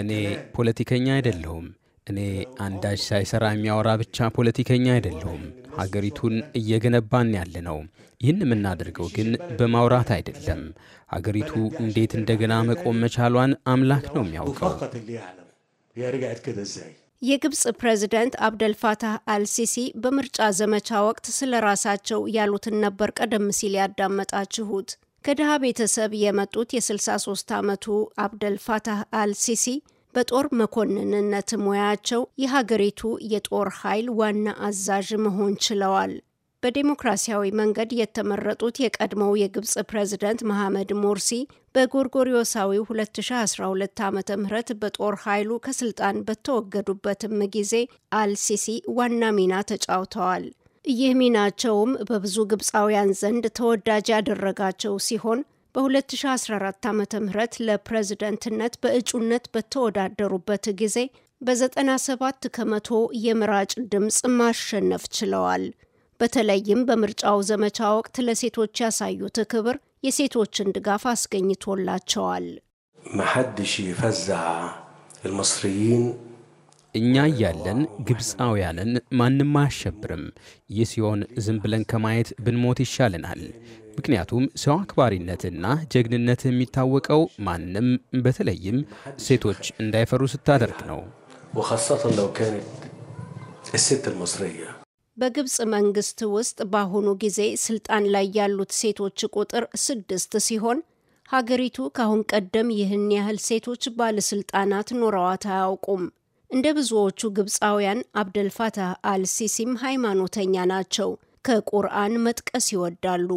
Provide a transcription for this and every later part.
እኔ ፖለቲከኛ አይደለሁም። እኔ አንዳች ሳይሰራ የሚያወራ ብቻ ፖለቲከኛ አይደለሁም። ሀገሪቱን እየገነባን ያለ ነው። ይህን የምናደርገው ግን በማውራት አይደለም። ሀገሪቱ እንዴት እንደገና መቆም መቻሏን አምላክ ነው የሚያውቀው። የግብፅ ፕሬዚደንት አብደልፋታህ አልሲሲ በምርጫ ዘመቻ ወቅት ስለ ራሳቸው ያሉትን ነበር ቀደም ሲል ያዳመጣችሁት። ከድሃ ቤተሰብ የመጡት የ63 ዓመቱ አብደል ፋታህ አልሲሲ በጦር መኮንንነት ሙያቸው የሀገሪቱ የጦር ኃይል ዋና አዛዥ መሆን ችለዋል። በዴሞክራሲያዊ መንገድ የተመረጡት የቀድሞው የግብፅ ፕሬዝደንት መሐመድ ሞርሲ በጎርጎሪዮሳዊው 2012 ዓ ም በጦር ኃይሉ ከስልጣን በተወገዱበትም ጊዜ አልሲሲ ዋና ሚና ተጫውተዋል። ይህ ሚናቸውም በብዙ ግብፃውያን ዘንድ ተወዳጅ ያደረጋቸው ሲሆን በ2014 ዓ ም ለፕሬዝደንትነት በእጩነት በተወዳደሩበት ጊዜ በ97 ከመቶ የምራጭ ድምፅ ማሸነፍ ችለዋል። በተለይም በምርጫው ዘመቻ ወቅት ለሴቶች ያሳዩት ክብር የሴቶችን ድጋፍ አስገኝቶላቸዋል። መሐድሽ ፈዛ ልመስሪይን እኛ እያለን ግብፃውያንን ማንም አያሸብርም። ይህ ሲሆን ዝም ብለን ከማየት ብንሞት ይሻልናል። ምክንያቱም ሰው አክባሪነትና ጀግንነት የሚታወቀው ማንም በተለይም ሴቶች እንዳይፈሩ ስታደርግ ነው። በግብፅ መንግስት ውስጥ በአሁኑ ጊዜ ስልጣን ላይ ያሉት ሴቶች ቁጥር ስድስት ሲሆን ሀገሪቱ ከአሁን ቀደም ይህን ያህል ሴቶች ባለስልጣናት ኖረዋት አያውቁም። እንደ ብዙዎቹ ግብፃውያን አብደልፋታህ አልሲሲም ሃይማኖተኛ ናቸው። ከቁርአን መጥቀስ ይወዳሉ።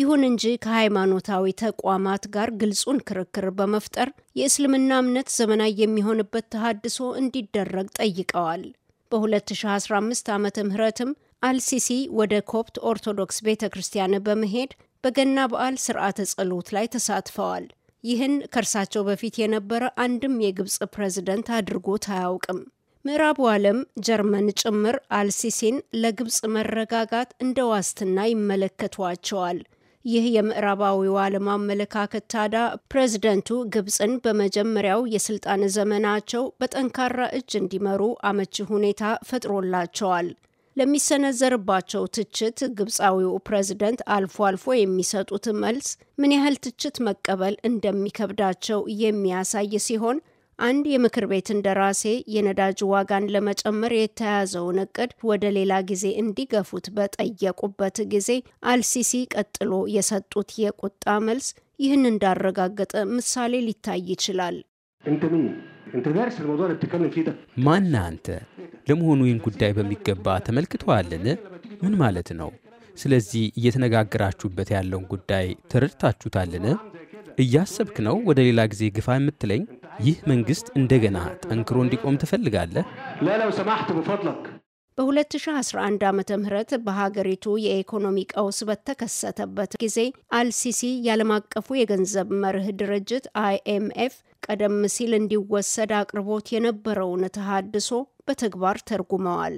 ይሁን እንጂ ከሃይማኖታዊ ተቋማት ጋር ግልጹን ክርክር በመፍጠር የእስልምና እምነት ዘመናዊ የሚሆንበት ተሃድሶ እንዲደረግ ጠይቀዋል። በ2015 ዓመተ ምህረትም አልሲሲ ወደ ኮፕት ኦርቶዶክስ ቤተ ክርስቲያን በመሄድ በገና በዓል ስርዓተ ጸሎት ላይ ተሳትፈዋል። ይህን ከእርሳቸው በፊት የነበረ አንድም የግብፅ ፕሬዝደንት አድርጎት አያውቅም። ምዕራቡ ዓለም ጀርመን ጭምር አልሲሲን ለግብፅ መረጋጋት እንደ ዋስትና ይመለከቷቸዋል። ይህ የምዕራባዊው ዓለም አመለካከት ታዳ ፕሬዝደንቱ ግብፅን በመጀመሪያው የስልጣን ዘመናቸው በጠንካራ እጅ እንዲመሩ አመቺ ሁኔታ ፈጥሮላቸዋል። ለሚሰነዘርባቸው ትችት ግብፃዊው ፕሬዝደንት አልፎ አልፎ የሚሰጡት መልስ ምን ያህል ትችት መቀበል እንደሚከብዳቸው የሚያሳይ ሲሆን አንድ የምክር ቤት እንደራሴ የነዳጅ ዋጋን ለመጨመር የተያዘውን እቅድ ወደ ሌላ ጊዜ እንዲገፉት በጠየቁበት ጊዜ አልሲሲ ቀጥሎ የሰጡት የቁጣ መልስ ይህን እንዳረጋገጠ ምሳሌ ሊታይ ይችላል። ማና አንተ? ለመሆኑ ይህን ጉዳይ በሚገባ ተመልክተዋልን? ምን ማለት ነው? ስለዚህ እየተነጋገራችሁበት ያለውን ጉዳይ ተረድታችሁታልን? እያሰብክ ነው ወደ ሌላ ጊዜ ግፋ የምትለኝ? ይህ መንግስት እንደገና ጠንክሮ እንዲቆም ትፈልጋለህ? በ2011 ዓ ም በሀገሪቱ የኢኮኖሚ ቀውስ በተከሰተበት ጊዜ አልሲሲ የዓለም አቀፉ የገንዘብ መርህ ድርጅት አይኤምኤፍ ቀደም ሲል እንዲወሰድ አቅርቦት የነበረውን ተሃድሶ በተግባር ተርጉመዋል።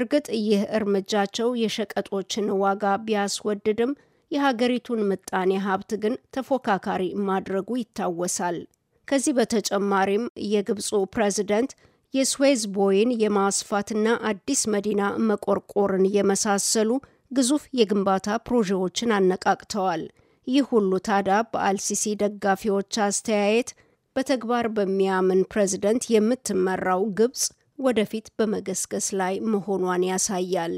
እርግጥ ይህ እርምጃቸው የሸቀጦችን ዋጋ ቢያስወድድም የሀገሪቱን ምጣኔ ሀብት ግን ተፎካካሪ ማድረጉ ይታወሳል። ከዚህ በተጨማሪም የግብፁ ፕሬዚደንት የስዌዝ ቦይን የማስፋትና አዲስ መዲና መቆርቆርን የመሳሰሉ ግዙፍ የግንባታ ፕሮጀዎችን አነቃቅተዋል። ይህ ሁሉ ታዲያ በአልሲሲ ደጋፊዎች አስተያየት በተግባር በሚያምን ፕሬዝደንት የምትመራው ግብጽ ወደፊት በመገስገስ ላይ መሆኗን ያሳያል።